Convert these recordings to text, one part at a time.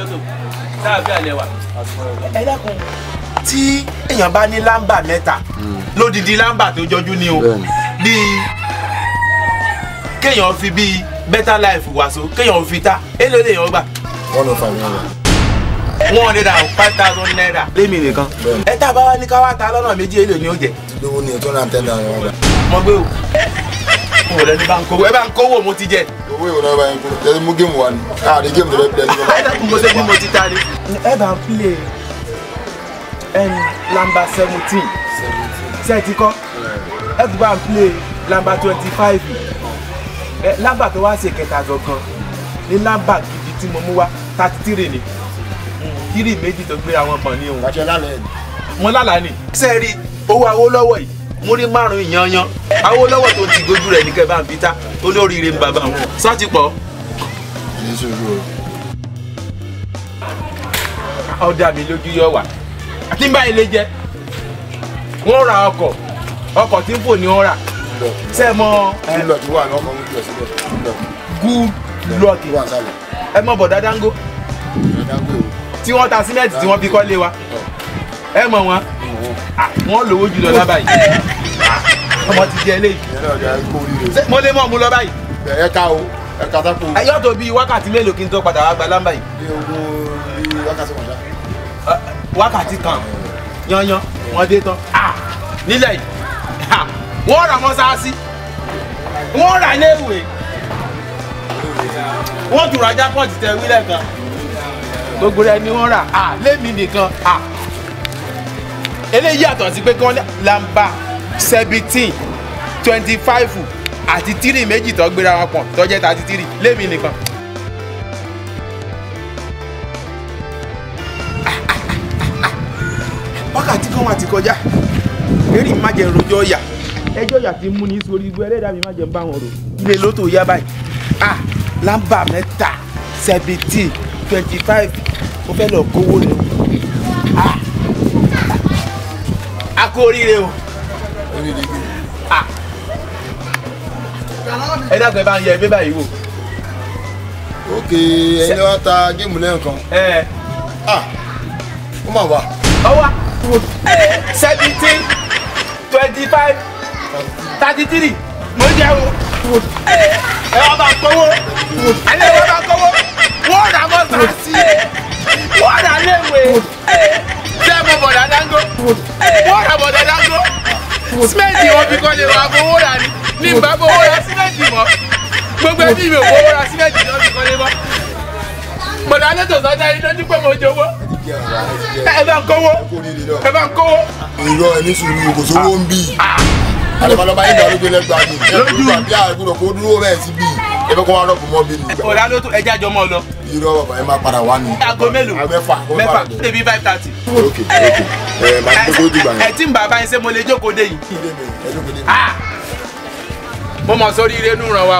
lóto sáàbí àlẹ wa. ẹ dákun tí èèyàn bá ní lámbà mẹ́ta lódìdí lámbà tó jọjú ni o bíi kéèyàn fi bíi better life wàṣọ kéèyàn fi ta èlò lè yàn gbà. one of oh five naira one hundred and five thousand naira. lémi nìkan. ẹ tá a bá wá ní ká wá ta lọ́nà méjì èlò ni ó jẹ. lówó ni ètò náà tẹ́lẹ̀ àwọn ọ̀gá. mo gbé o kúrò lẹni bá ń kówó ẹ bá ń kówó mo ti jẹ. owó ìwọ̀n náà bá yẹn kó jẹ́ mú géèmù wa ni káàdì géèmù tó bẹ́ẹ̀ bẹ́ẹ̀ nígbà. ẹ mo ṣe ní mo ti taari. ẹ bá ń play ẹni lamba seventeen ṣe ti kọ́ ẹ tún bá ń play lamba twenty five lábà tó wá ṣe kẹta gangan ní lábà gidi tí mo mú wá thirty hmm, three ni kiri méjì tó gbé àwọn ọmọ ní òun. mo lálàá ni. sẹ́ẹ̀rì owó awó lọ́wọ́ yìí mo rí márùn-ún ìyanyan àwọn olówó tó ti gbójú rẹ̀ nìkan bá ń fi ta olóríire ń bàbá wọn sátìpọ̀. ọ̀dà mi lójú yọ wà àti báyìí lè jẹ́ wọ́n ra ọkọ̀ ọkọ̀ tí ń fò ní wọ́n rà sẹ́ mọ́ good luck ẹ mọ̀ bọ̀dá dango tí wọ́n ta símẹ́ǹtì tí wọ́n fi kọ́ lé wa ẹ mọ̀ wọn ah, wọ́n lówó jùlọ lábàáyé ọmọ ti di eléyìí mo lè mọ̀ mú lọ báyìí. ẹ ká o ẹ ká sáko. ẹ yọ̀tọ̀ bíi wákàtí mélòó kí n tó padà wá gba lámbà yìí. bí ogún bí wákàtí kan ṣá. wákàtí kan yanyan wọn dé tán ah, nílẹ̀ yìí wọ́n rà mọ́sáàsì wọ́n rà iléèwé wọ́n tún rajà pọ̀ ti tẹ wílẹ̀ kan gbogbo rẹ ni wọ́n rà ah, lémi nìkan ah, eléyìí yàtọ̀ sí pé kí wọ́n lamba seventeen twenty five àti tírì méjì tó gbéra wọn pọ̀ tó jẹ́ thirty three lémi nìkan. wákàtí kan wà ti kọjá eré má jẹ rojọ́ ọ̀yà ẹjọ́ ọ̀yà ti mú ní sórí igbó ẹlẹ́dàá mi má jẹ ń bá wọn rò. ilé ló tó yá báyìí ah lámbà mẹ́ta seventeen twenty five mo fẹ́ lọ kówó ni o ah a kú oríire Ah. ẹ dàgbẹ́ bá ń yẹ ẹgbẹ́ báyìí wò. òkè ẹni wá ta géèmù lẹ́ẹ̀kan. ẹ ah ó mà wá. ọwọ́ seventeen twenty five thirty three mo jẹ́ o. ẹ wá bá gbowó ẹ lè wá bá gbowó wọ́n rà mọ́ sàásì wọ́n rà léwé jẹ́ mo bọ̀dà dáńgó símẹ́ǹtì wọn fi kọ́lé wa fowó ra ni ní n bá fowó ra símẹ́ǹtì mọ́ gbogbo ẹbí mi ò fowó ra símẹ́ǹtì wọn fi kọ́lé mọ́ mọ̀dà alẹ́ tó sọ́jà yìí lọ́dún pé mo jowó ẹ bá ń kówó ẹ bá ń kówó. irọ́ ẹni sùúrù kò sówó ń bì alọ́balọ́ba ah. yìí gbàgbé gbé lẹ́gbàá mi ẹ̀ gbúdọ̀ bí àgbúdọ̀ kó dúró rẹ̀ sí bì ẹ bẹ́ kó wá rọ̀pù mọ́ bí mi. ọ̀dà ló tó ẹja jọmọ lọ irọ́ bàbá yẹn máa padà wá ni. aago mélòó mẹ́fà mẹ́fà débi five thirty. ok ok ẹ máa dógó dìgbà yẹn. ẹ eh, tí ń bàbá yẹn ṣe mo lè jókòó dé yìí. Ah! mo mọ̀ sórí ire nù ràn wá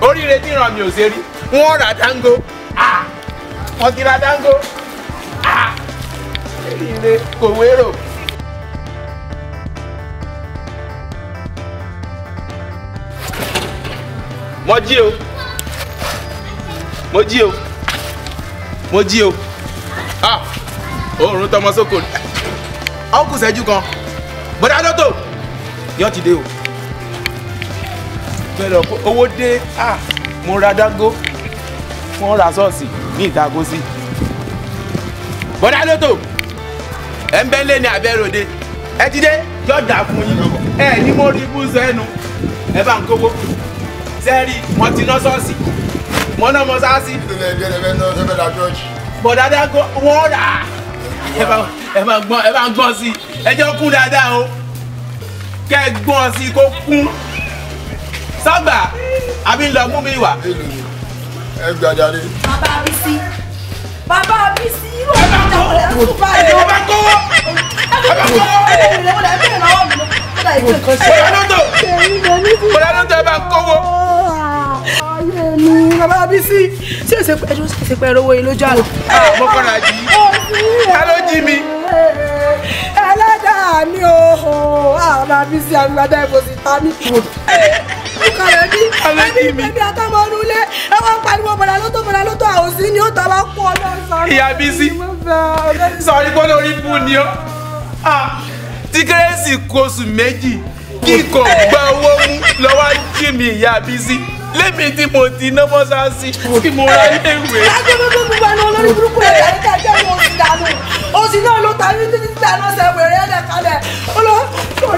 o oríire tí ràn mí ò ṣe rí wọ́n ra dango ah! wọ́n ti ra dango ah! ire kò wérò. mo jí o mo jí o mo jí o ah, oòrùn tọmọ sóko ọ kù sẹ́jú kan bọ́dá lọ́tò yọ ti dé o bẹ̀rẹ̀ owó dé ah, mo ra dáńgó fún ra ṣọ́ọ̀ṣì ní ìtàkó sí bọ́dá lọ́tò ẹ̀ ń bẹ́ lé ní abẹ́ròde ẹ ti dé yọ dà fún yín ẹ ní mo rí búzọ ẹnu ẹ bá ń kówó sẹ́ẹ̀rì wọn ti ná ṣọ́ọ̀ṣì mọ́nà mọ́sáàsì. bọ̀dá dá wọ́n rà ẹ máa gbọ́n ẹ máa gbọ́n sí i ẹ jẹ́ kún dáadáa o kẹ́ ẹ gbọ́n sí i kó kún sọ́gbà àbí lọ mú mi wá. ẹ gbàdáre. bàbá Bísí bàbá Bísí irú Papa, ìjàmọ̀lẹ̀ ń tún bá rẹ̀. ẹ bá kówó ẹ bá kówó. ẹ bá kówó ẹ bá kówó. ẹ bá kówó ẹ bá kówó ni bàbá Bísí ṣé èsè pé ẹjọ́ ṣèṣe pé ẹrọ owó yìí lójú àlọ́. mo kọ́ra jí ká ló jí mi. ẹlẹ́dàá mi ò bàbá Bísí àgbàdo ìfòsí ta mi kù. Kọ̀rọ̀ ẹbí bèbí ọdún lé ẹ ń pariwo bọ̀dà lótó bọ̀dà lótó àwọn ni ó ta wá pọ̀ ọ̀dọ̀ sọ̀rọ̀. Ìyá Bísí sọ̀rí gbọ́dọ̀ orí fún ni ọ́ tí kérésì kóṣù méjì kíkọ̀ gba owó mú lọ́wọ́ jí mi ìyá Bísí lẹ́mi tí mo ti ná mọ́sáàsì tí mo ra ilé ìwé. ẹgbẹ́ gbogbo gbogbo àná olórí burúkú rẹ̀ láti tàjẹ́ mo sì dànù òsì náà ló ta ní títí tàná sẹ́wẹ̀rẹ́ ẹ̀dẹ̀ kalẹ̀ olóòtú